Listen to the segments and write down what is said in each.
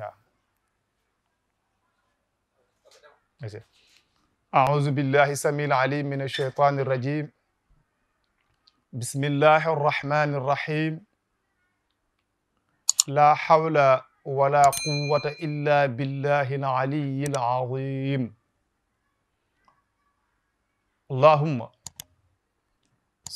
waaw أعوذ بالله السميع العليم من الشيطان الرجيم بسم الله الرحمن الرحيم لا حول ولا قوة إلا بالله العلي العظيم اللهم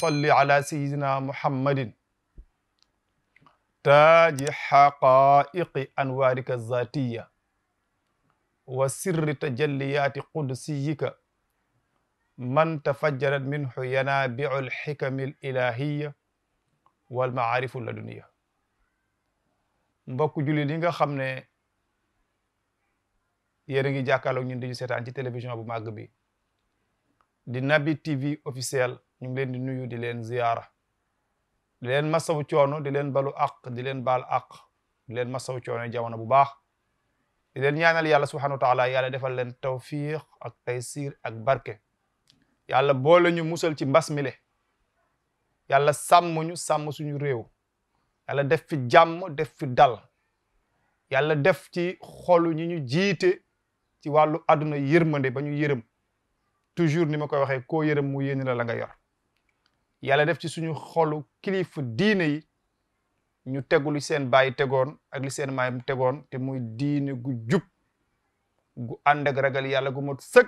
صل على سيدنا محمد taaji xaqaiqi anwaarika zatiya wa sirri tajalliyaati qudusiyika man tafajjarat minhu yanaabiu alxikami alilahiya walmaarifu laduniya mbokk julli li nga xam ne yéen a ngi jàkkaarloog ñun dañu seetaan ci télévision bu màgg bi di Nabi TV officiel ñu ngi leen di nuyu di leen ziyaara di leen masawu coono di leen balu aq di leen baal aq di leen masawu coono jamono bu baax di leen ñaanal yàlla subhanahu wa taala yàlla defal leen tawfiq ak taysir ak barke yàlla boole ñu musal ci mbas mi le yàlla sàmm ñu sàmm suñu réew yàlla def fi jàmm def fi dal yàlla def ci xolu ñu ñu jiite ci wàllu àdduna yërmande ba ñu yërëm toujours ni ma koy waxee koo yërëm mu yéene la la nga yor yàlla def ci suñu xolu kilifa diine yi ñu tegul li seen baay tegoon ak li seen maayam tegoon te muy diine gu jub gu ànd ak ragal yàlla gu mot sëg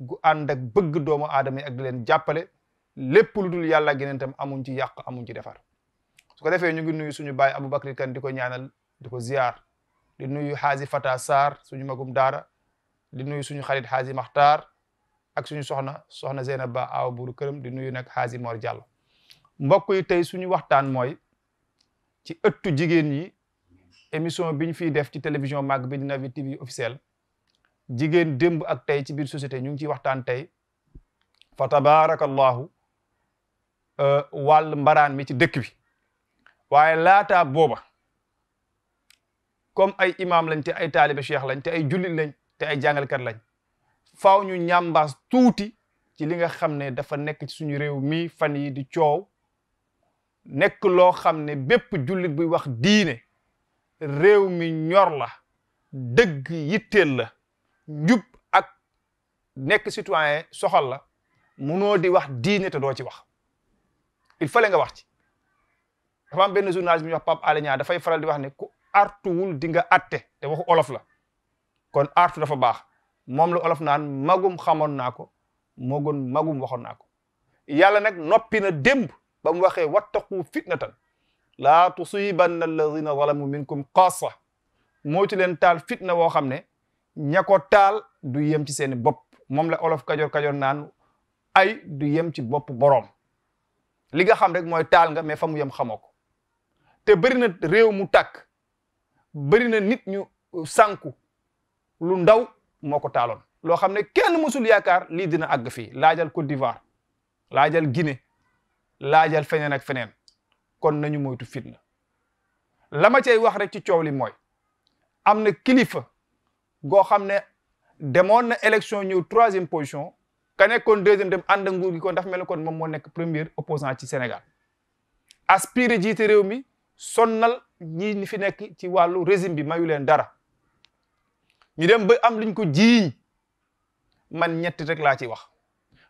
gu ànd ak bëgg doomu aadama yi ak leen jàppale lépp lu dul yàlla geneen tam amuñ ci yàq amuñ ci defar su ko defee ñu ngi nuyu suñu baay Aboubacry Kane di ko ñaanal di ko ziar di nuyu xaazi Fata Sarr suñu magum daara di nuyu suñu xarit xaazi Maxtaar ak suñu soxna soxna Zeynab Ba aw buuru këram di nuyu nag Xaazi Mor Diallo mbokk yi tey suñu waxtaan mooy ci ëttu jigéen yi émission bi ñu fiy def ci télévision mag bi Dinavi TV officiel jigéen démb ak tey ci biir société ñu ngi ciy waxtaan tey fa tabaarakallahu euh, wàll mbaraan mi ci dëkk bi waaye laataa booba comme ay imam lañ te ay taalibe cheikh lañ te ay jullit lañ te ay jàngalkat lañ faw ñu ñàmbaas tuuti ci li nga xam ne dafa nekk ci suñu réew mi fan yi di coow nekk loo xam ne bépp jullit buy wax diine réew mi ñor la dëgg yitteel la njub ak nekk citoyen soxal la munoo di wax diine te doo ci wax il fallait nga wax ci dafa am benn journaliste bi ñuy wax Pape Alé Niang dafay faral di wax ne ku artuwul di nga atte te waxu olof la kon artu dafa baax moom la olof naan magum xamoon naa ko moo magum waxoon naa ko yàlla nag noppi na démb ba mu waxee na fitnatan laa tusibanna alladina zalamu minkum xaasa moytu leen taal fitna woo xam ne ña taal du yem ci seeni bopp moom la olof kajoor kajoor naan ay du yem ci bopp boroom li nga xam rek mooy taal nga mais fa mu yem xamoo ko te bëri na réew mu takk bëri na nit ñu sànku lu ndaw moo ko taaloon loo xam ne kenn musul yaakaar lii dina àgg fii laajal Côte d'Ivoire laajal Guinée laajal feneen ak feneen kon nañu moytu fitna la ma cay wax rek ci coow li mooy am na kilifa goo xam ne demoon na élection ñëw troisième position ka nekkoon deuxième dem ànd nguur gi kon daf mel ni kon moom moo nekk premier opposant ci Sénégal aspiré jiite réew mi sonnal ñi fi nekk ci wàllu régime bi mayu leen dara ñu dem ba am luñ ko jiiñ man ñetti rek laa ci wax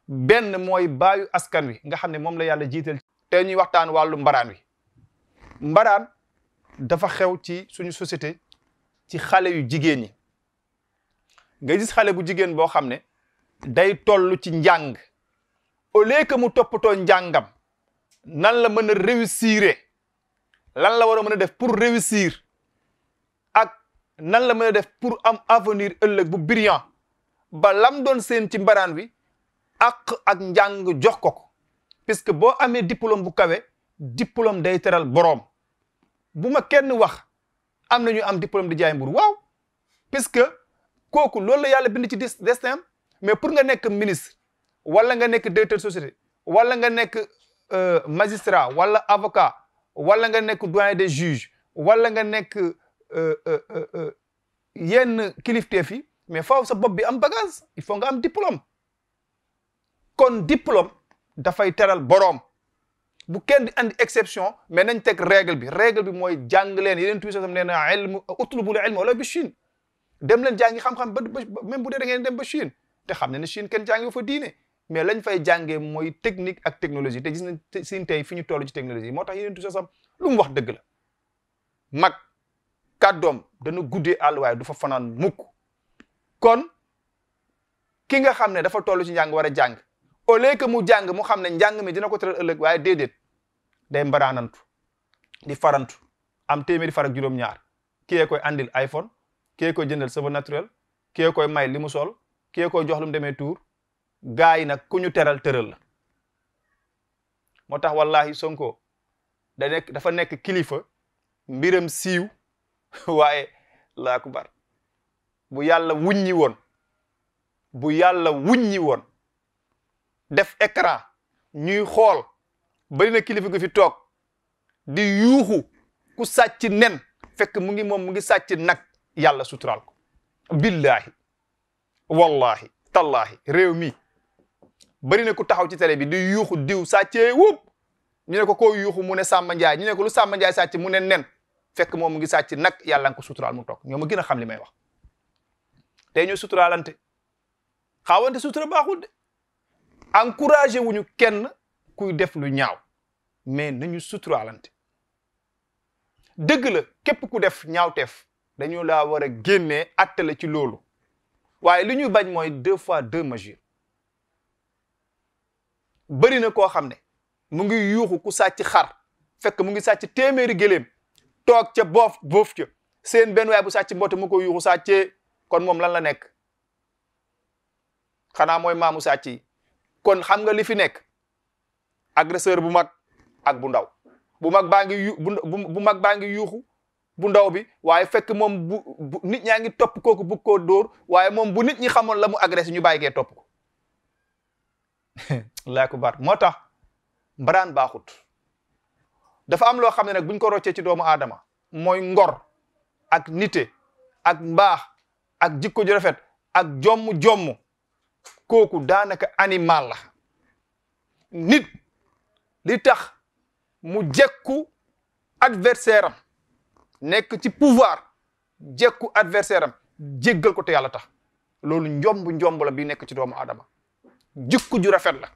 benn mooy baayu askan wi nga xam ne moom la yàlla jiital tee ñuy waxtaan wàllu mbaraan wi mbaraan dafa xew ci suñu société ci xale yu jigéen ñi nga gis xale bu jigéen boo xam ne day toll ci njàng au lieu que mu toppatoo njàngam nan la mën a réussir lan la war a mën a def pour réussir nan la mën a def pour am avenir ëllëg bu brillant ba lam doon seen ci mbaraan wi ak ak njàng jox ko ko puisque boo amee diplôme bu kawe diplôme day teral boroom bu ma kenn wax am na ñu am diplôme di jaay mburu waaw puisque kooku loolu la yàlla bind ci destin mais pour nga nekk ministre wala nga nekk directeur société wala nga nekk euh, magistra wala avocat wala nga nekk doyen des juges wala nga nekk euh, euh, yenn kilifteef yi mais faaw sa bopp bi am bagage il faut nga am diplôme kon diplôme dafay teral boroom bu kenn di andi exception mais nañ teg règle bi règle bi mooy jàng leen yeneen tuuti sax nee na ilmu utlubul ilma wala bi Chine dem leen jàngi xam-xam ba même bu dee ngeen dem ba Chine te xam ne ne Chine kenn jàngi fa diine mais lañ fay jàngee mooy technique ak technologie te gis nañ sin tey fi ñu toll ci technologie moo tax yeneen tuuti sax lu mu wax dëgg la kàddoom dana guddee àll du fa fanaan mukk kon kii nga xam ne dafa toll ci njàng war a jàng au lieu que mu jàng mu xam ne njàng mi dina ko tëral ëllëg waaye déedéet day mbaraanantu di farantu am téeméeri farak juróom-ñaar kiyee koy andil iPhone kiyee koy jëndal cheveux naturel kiyee koy may li mu sol kiyee koy jox lu mu demee tuur gaa yi nag ku teral tëral la moo tax wallahi Sonko da dafa nekk kilifa mbiram siiw waaye la akbar bu yàlla wuññi woon bu yàlla wuññi woon def écran ñuy xool bari na kilifa gi fi toog di yuuxu ku sàcc nen fekk mu ngi moom mu ngi sàcc nag yàlla suturaal ko billahi wallahi tallahi réew mi bari na ku taxaw ci télé bi di yuuxu diw sàccee wub ñu ne ko yuuxu mu ne Samba Ndiaye ñu ne ko lu Samba Ndiaye sàcc mu nen nen fekk moom mu ngi sàcc nag yàlla nga ko suturaal mu toog ñoo ma gën a xam li may wax tey ñu suturaalante sutura baaxul de encouragé wuñu kenn kuy def lu ñaaw mais nañu suturaalante dëgg la képp ku def ñaawteef dañu laa la a génnee attale ci loolu waaye li ñuy bañ mooy deux fois deux mesures bëri na koo xam ne mu ngi yuuxu ku sàcc xar fekk mu ngi sàcc téeméeri gëléem toog ce boof boof ca seen benn waay bu sàcc mboote mu ko yuuxu sàccee kon moom lan la nekk xanaa mooy maamu sàcc kon xam nga li fi nekk agresseur bu mag ak bu ndaw bu mag baa mag baa ngi yuuxu bu ndaw bi waaye fekk moom bu nit ñaa ngi topp kooku bug koo dóor waaye moom bu nit ñi xamoon la mu agressé ñu bàyyi kee topp ko laa ko moo tax mbaraan baaxut dafa am loo xam ne nag buñ ko roccee ci doomu aadama mooy ngor ak nite ak mbaax ak jikko ju rafet ak jomm jomm kooku daanaka animal la nit li tax mu jëkku adversaire am nekk ci pouvoir jekku adversaire am jéggal ko te yàlla tax loolu njomb njomb bi nekk ci doomu aadama jikko ju rafet la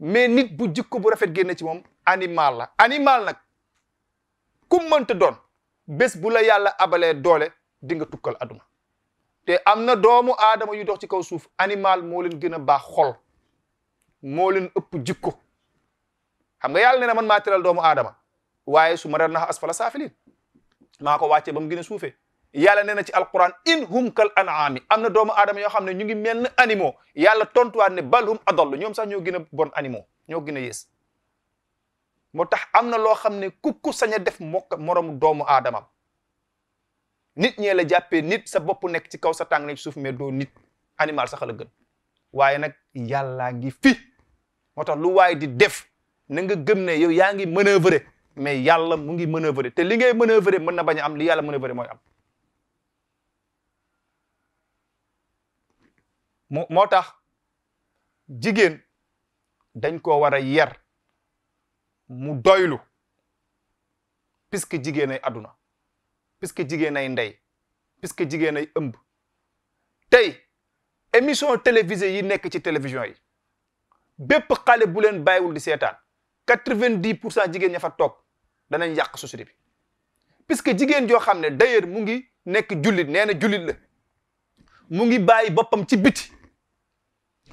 mais nit bu jikko bu rafet génne ci moom animal la animal nag ku doon bés bu la yàlla abalee doole di nga tukkal aduna te am na doomu aadama yu dox ci kaw suuf animal moo leen gën a baax xol moo leen ëpp jikko xam nga yàlla ne na man maa doomu aadama waaye su ma dara nax asfala saafilin maa ko wàccee ba mu gën a suufee yàlla nee na ci alquran in hum kal anaami am na doomu aadama yoo xam ne ñu ngi mel ni yàlla tontuwaat ne bal hum adall ñoom sax ñoo gën a bon animaux ñoo gën a yées moo tax am na loo xam ne kukku sañ a def mokk moromu doomu aadamam nit ñee la jàppee nit sa bopp nekk ci kaw sa tàng nekk suuf mais doo nit animal sax la gën waaye nag yàllaa ngi fi moo tax lu waay di def na nga gëm ne yaa ngi manœuvrer mais yàlla mu ngi manœuvrer te li ngay manœuvrer mën na bañ a am li yàlla manœuvrer mooy am moo tax jigéen dañ ko war a yar mu doylu puisque jigéen ay àdduna puisque jigéen ay ndey puisque jigéen ay ëmb tey émission télévisée yi nekk ci télévision yi bépp xale bu leen wul di seetaan quatre-vingt-dix pour cent jigéen ña fa toog danañ yàq société bi puisque jigéen joo xam ne d'ailleurs mu ngi nekk jullit nee na jullit la mu ngi bàyyi boppam ci biti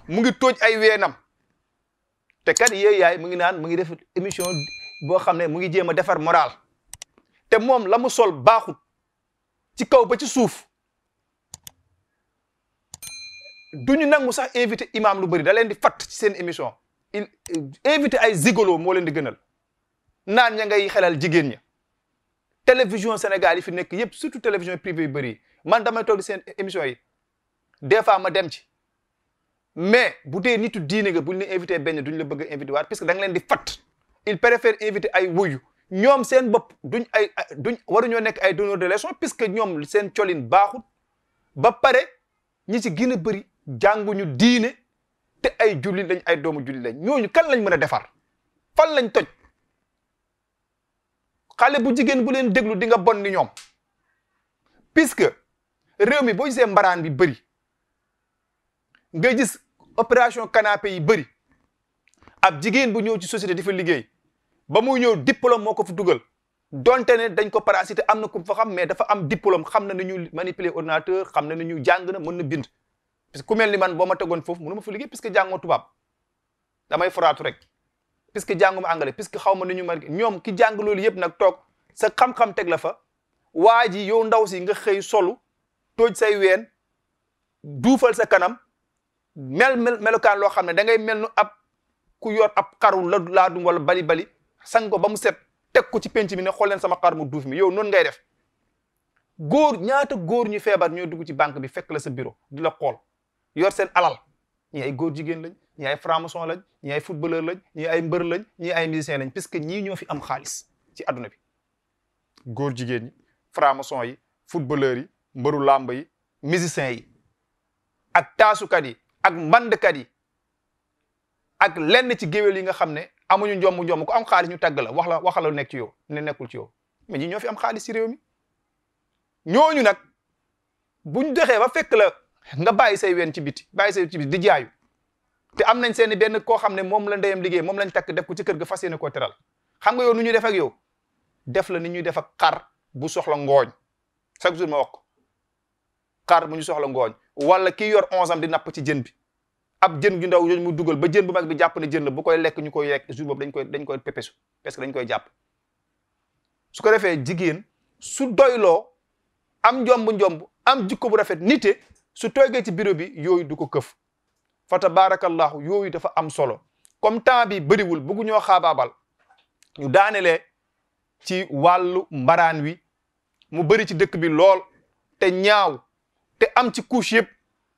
mu ngi tooj ay weenam te kat yee yaay mu ngi naan mu ngi def émission boo xam ne mu ngi jéem defar moral te moom la mu sol baaxut ci kaw ba ci suuf duñu nangu sax invité imaam lu bari da leen di fatt ci seen émission euh, invité ay zigolo moo leen di gënal naan ña ngay xelal jigéen ña télévision Sénégal yi fi nekk yëpp surtout télévision privée yu bëri man damay toog di seen émission yi des fois ma dem ci mais bu dee nitu diine nga buñ la invité benn duñ la bëgg a invité waat parce que da nga leen di fat il préfère invité ay wuyu ñoom seen bopp duñ ay duñ waruñoo nekk ay donneur de leçon puisque ñoom seen colin baaxut ba pare ñi ci gën a bëri jànguñu diine te ay julli lañ ay doomu julli lañ ñooñu kan lañ mën a defar fan lañ toj xale bu jigéen bu leen déglu di nga bon ni ñoom puisque réew mi boo seen mbaraan bi bëri nga opération canapé yi bëri ab jigéen bu ñëw ci société di fa liggéey ba muy ñëw diplôme moo ko fa dugal donte ne dañ ko parasité am na ku fa xam mais dafa am diplôme xam na na ñu manipuler ordinateur xam na ni ñu jàng na mën na bind parce que ku mel ni man boo ma tegoon foofu mënu ma fa liggéey puisque jàngoo tubaab damay foraatu rek puisque jànguma anglais puisque xaw ma ni ñu ma ñoom ki jàng loolu yëpp nag toog sa xam-xam teg la fa waa ji yow ndaw si nga xëy solu tooj say ween duufal sa kanam mel mel melukaan loo xam ne da ngay mel nu ab ku yor ab xaru la laadum wala bali bali sang ko ba mu set teg ko ci penc mi ne xool leen sama xar mu duuf mi yow noonu ngay def góor ñaata góor ñu feebar ñoo dugg ci banque bi fekk la sa bureau di la xool yor seen alal ñi ay góor jigéen lañ ñi ay franc-maçon lañ ñi ay footballeur lañ ñi ay mbër lañ ñi ay musicien lañ parce que ñii ñoo fi am xaalis ci àdduna bi góor jigéen ñi franc yi footballeur yi mbëru làmb yi yi ak taasukat yi ak mbandkat yi ak lenn ci géwél yi nga xam ne amuñu njomb njomb ko am xaalis ñu tagg la wax la waxal la nekk ci yow ne nekkul ci yow mais ñi ñoo fi am xaalis ci réew ñooñu nag buñ doxee ba fekk la nga bàyyi say ween ci biti bàyyi say ci biti di jaayu te am nañ seen benn koo xam ne moom la ndeyam liggéey moom lañ takk def ko ci kër ga fa yéene koo teral xam nga yow nu ñuy def ak yow def la ni ñuy defak ak xar bu soxla ngooñ chaque jour ma wax ko bu ñu soxla ngooñ wala ki yor onze am di napp ci jën bi ab jën ju ndaw jooju mu dugal ba jën bu mag bi jàpp na jën la bu koy lekk ñu koy lekk jour boobu dañ koy dañ koy pépesu parce que dañ koy jàpp su ko defee jigéen su doyloo am njomb njomb am jikko bu rafet nite su toogee ci bureau bi yooyu du ko këf fa tabaarakallahu yooyu dafa am solo comme temps bi bëriwul bëggu ñoo xaabaabal ñu daaneele ci wàllu mbaraan wi mu bari ci dëkk bi lool te ñaaw te am ci couche yëpp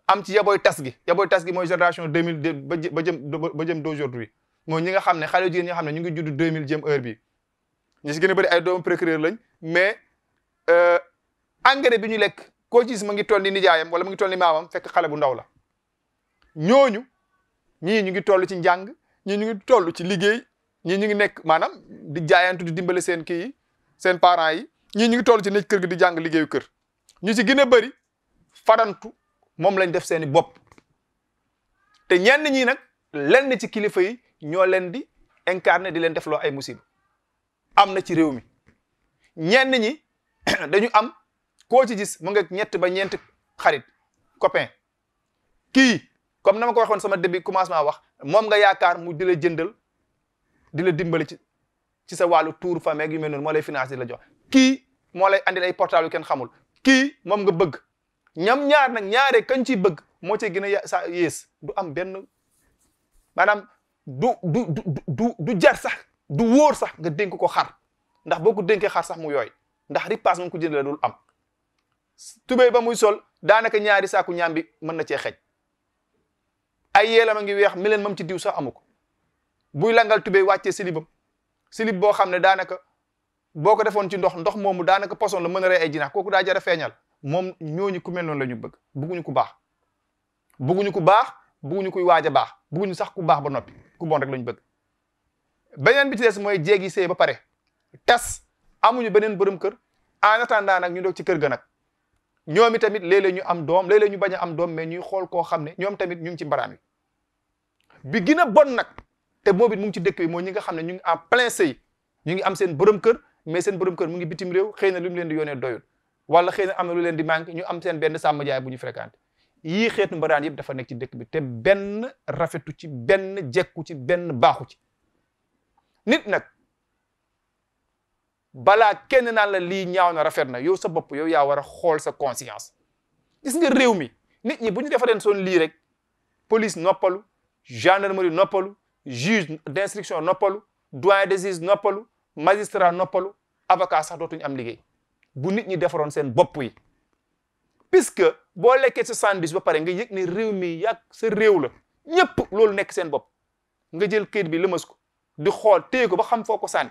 am ci yaboy tas gi yaboy tas gi mooy génération deux mille ba ba jëm ba jëm d'aujourd'hui mooy ñi nga xam ne xale jigéen ñi nga xam ne ñu ngi judd deux mille jëm heure bi ñi si gën a bëri ay doomu procureur lañ mais euh, engrais bi ñu lekk koo gis ma ngi tol ni nijaayam wala ma ngi tol ni maamam fekk xale bu ndaw la ñooñu ñii ñu ngi toll ci njàng ñii ñu ngi toll ci liggéey ñii ñu ngi nekk maanaam di jaayantu di dimbale seen kii seen parents yi ñii ñu ngi toll ci nekk kër gi di jàng liggéeyu kër ñu ci gën a bëri farantu moom lañ def seeni bopp te ñenn ñi nag lenn ci kilifa yi ñoo leen di incarné di leen def loo ay musiba am na ci réew mi ñenn ñi dañu am koo ci gis mu nga ñett ba ñeent xarit copain kii comme na ma ko waxoon sama début commencement wax moom nga yaakaar mu di la jëndal di la dimbali ci ci sa wàllu tour famille yu mel noonu moo lay financé la jox kii moo lay andil ay portable yu kenn xamul kii moom nga bëgg ñam ñaar nag ñaare kañ ciy bëgg moo ci gën a sa yées du am benn maanaam du du du du jar sax du wóor sax nga dénk ko xar ndax boo ko dénkee xar sax mu yooy ndax ripaas mu ko jënd la dul am tubéy ba muy sol daanaka ñaari saaku ñaam bi mën na cee xej ay yeelam a ngi weex mi leen moom ci diw sax amu ko buy langal tubéy wàccee silibam silib boo xam ne daanaka boo ko defoon ci ndox ndox moomu daanaka poson la mën a rey ay jinax kooku daa jara feeñal moom ñooñu ku mel noon la ñu bëgg bëgguñu ku baax bëgguñu ku baax bëgguñu kuy waaj a baax bëgguñu sax ku baax ba noppi ku bon rek lañu bëgg beneen bi ci mooy jéegi sëy ba pare tas amuñu beneen borom kër en attendant nag ñu doog ci kër ga nag ñoom i tamit léeg-léeg ñu am doom léeg-léeg ñu bañ am doom mais ñuy xool koo xam ne ñoom tamit ñu ngi ci mbaraan bi bi gën a bon nag te moom it mu ngi ci dëkk bi mooy ñi nga xam ne ñu ngi en plein sëy ngi am seen borom kër mais seen borom kër mu ngi bitim réew xëy na lu mu leen di yónnee doyul wala xëy na am na leen di manqué ñu am seen benn sàmm bu ñu fréquenté yii xeetu yëpp dafa nekk ci dëkk bi te benn rafetu ci benn jekku ci benn baaxu ci nit nag balaa kenn naan la lii ñaaw na rafet na yow sa bopp yow yaa war a xool sa conscience gis nga réew mi nit ñi bu ñu defareen soon lii rek police noppalu gendarmerie noppalu juge d'instruction noppalu doyen des noppalu magistrat noppalu avocat sax dootuñu am liggéey bu nit ñi defaroon seen bopp yi puisque boo lekkee sa sandwich ba pare nga yëg ne réew mi yàgg sa réew la ñëpp loolu nekk seen bopp nga jël këyit bi la lëmas ko di xool téye ko ba xam foo ko ka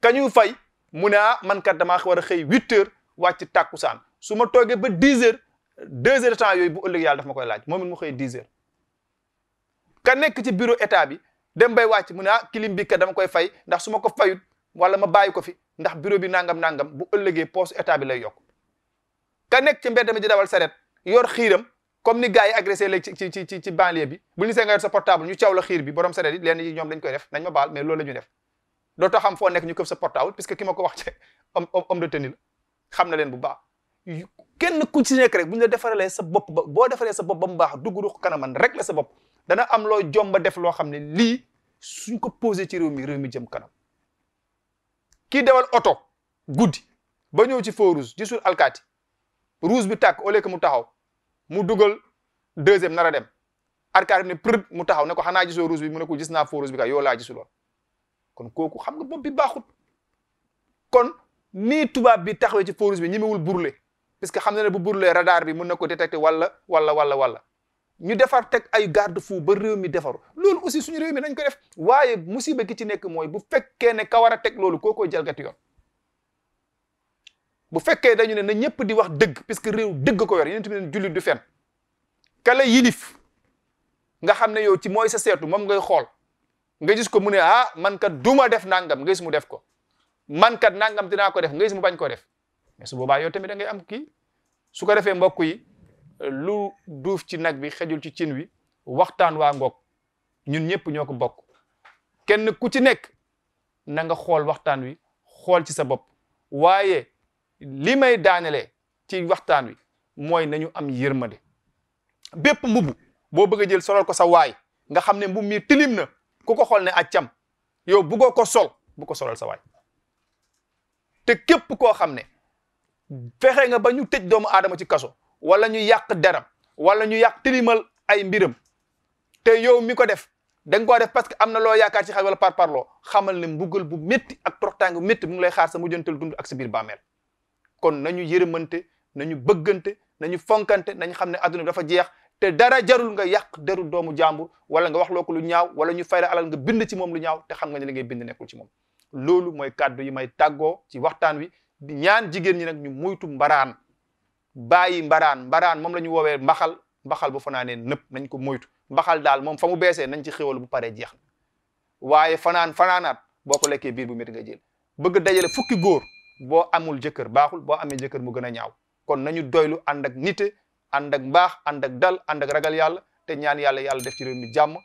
kañuy fay mu ne ah man kat damaa war a xëy huit heures wàcc tàkkusaan su ma toogee ba dix heures deux heures temps yooyu bu ëllëg yàlla daf ma koy laaj moom it mu xëy dix heures ka nekk ci bureau état bi dem bay wàcc mu ne ah clim bi kat dama koy fay ndax suma ko fayut wala ma bàyyi ko fi ndax bureau bi nangam nangam bu ëllëgee poste état bi lay yokk ka nekk ci mbedd mi di dawal saret yor xiiram comme ni gars yi agressé léegi ci ci ci ci bi bu ñu see nga yor sa ñu caw la xiir bi borom saret yi leen yi ñoom dañ koy def nañ ma baal mais loolu la nekk ñu këf sa portable puisque ki ma ko wax ci homme de tenue la xam na leen bu baax kenn ku ci nekk rek bu ñu la defaralee sa bopp ba boo defaree sa bopp ba mu baax dugg ruux kanaman rek la sa bopp dana am loo jomba def loo xam ne lii suñ ko posé ci réew mi réew mi jëm kanam kii dawal oto guddi ba ñëw ci feu rouge gisul alkaati rouge bi tàkk au que mu taxaw mu dugal deuxième nar dem alkaati ne prd mu taxaw ne ko xanaa gisoo rouge bi mu ne ko gis naa feu rouge bi kay yow laa gisuloon kon kooku xam nga bopp bi baaxut kon nii tubaab bi taxawee ci feu rouge bi ñemewul burle parce que xam na ne bu burlee radar bi mën na ko détecté wala wala wala wala ñu defar teg ay garde fou ba réew mi defaru loolu aussi suñu réew mi nañ ko def waaye musiba ki ci nekk mooy bu fekkee ne ka a teg loolu koo koy jalgati yoon bu fekkee dañu ne na ñëpp di wax dëgg que réew dëgg ko yor yéen tamit ne jullit du fen kala yilif nga xam ne yow ci mooy sa seetu moom ngay xool nga gis ko mu ne ah man kat duma def nangam nga gis mu def ko man kat nangam dinaa ko def nga gis mu bañ ko def mais su boobaa yow tamit da ngay am kii su ko defee mbokk yi lu duuf ci nag bi xejul ci cin wi waxtaan waa ngoog ñun ñëpp ñoo ko bokk kenn ku ci nekk na nga xool waxtaan wi xool ci sa bopp waaye li may daanelee ci waxtaan wi mooy nañu am yërmande bépp mbubb boo bëgg a jël solol ko sa waay nga xam ne mbubb mi tilim na ku ko xool ne accam yow bëggoo ko sol bu ko solal sa waay te képp koo xam ne fexe nga ba ñu tëj doomu aadama ci kaso wala ñu yàq deram wala ñu yàq tilimal ay mbiram te yow mi ko def da nga koo def parce am na loo yaakaar si xel wala par parloo xamal ne mbugal bu métti ak toroxtaange bu métti mu lay xaar sa mujjantal dund ak sa biir bàmmeel kon na nañu yërëmante ñu bëggante nañu fonkante nañ xam ne adduna dafa jeex te dara jarul nga yàq deru doomu jàmbur wala nga wax loo ko lu ñaaw wala ñu fay alal nga bind ci moom lu ñaaw te xam nga ne li ngay bind nekkul ci moom loolu mooy kàddu yi may tàggoo ci waxtaan wi ñaan jigéen ñi nag ñu muytu mbaraan bàyyi mbaraan mbaraan moom la ñu woowee mbaxal mbaxal bu fanaanee nëpp nañ ko moytu mbaxal daal moom fa mu beesee nañ ci xéwal bu paree jeex na waaye fanaan fanaanaat boo ko lekkee biir bu métti nga jël bëgg dajale fukki góor boo amul jëkkër baaxul boo amee jëkkër mu gën a ñaaw kon nañu doylu ànd ak nite ànd ak mbaax ànd ak dal ànd ak ragal yàlla te ñaan yàlla yàlla def ci réew mi jàmm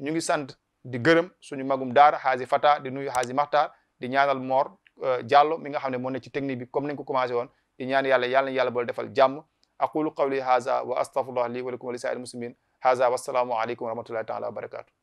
ñu ngi sant di gërëm suñu magum daara xaasi fata di nuyu xaasi maxtaar di ñaanal moor euh, Diallo mi nga xam ne moo ne ci commencé woon di ñaan yàlla yàlla na yàlla bool defal jàmm aqulu qawli haza wa astaghfirullah li wa lakum wa li saa'il muslimin haza wa assalaamu aleykum wa rahmatullahi taala wa barakatu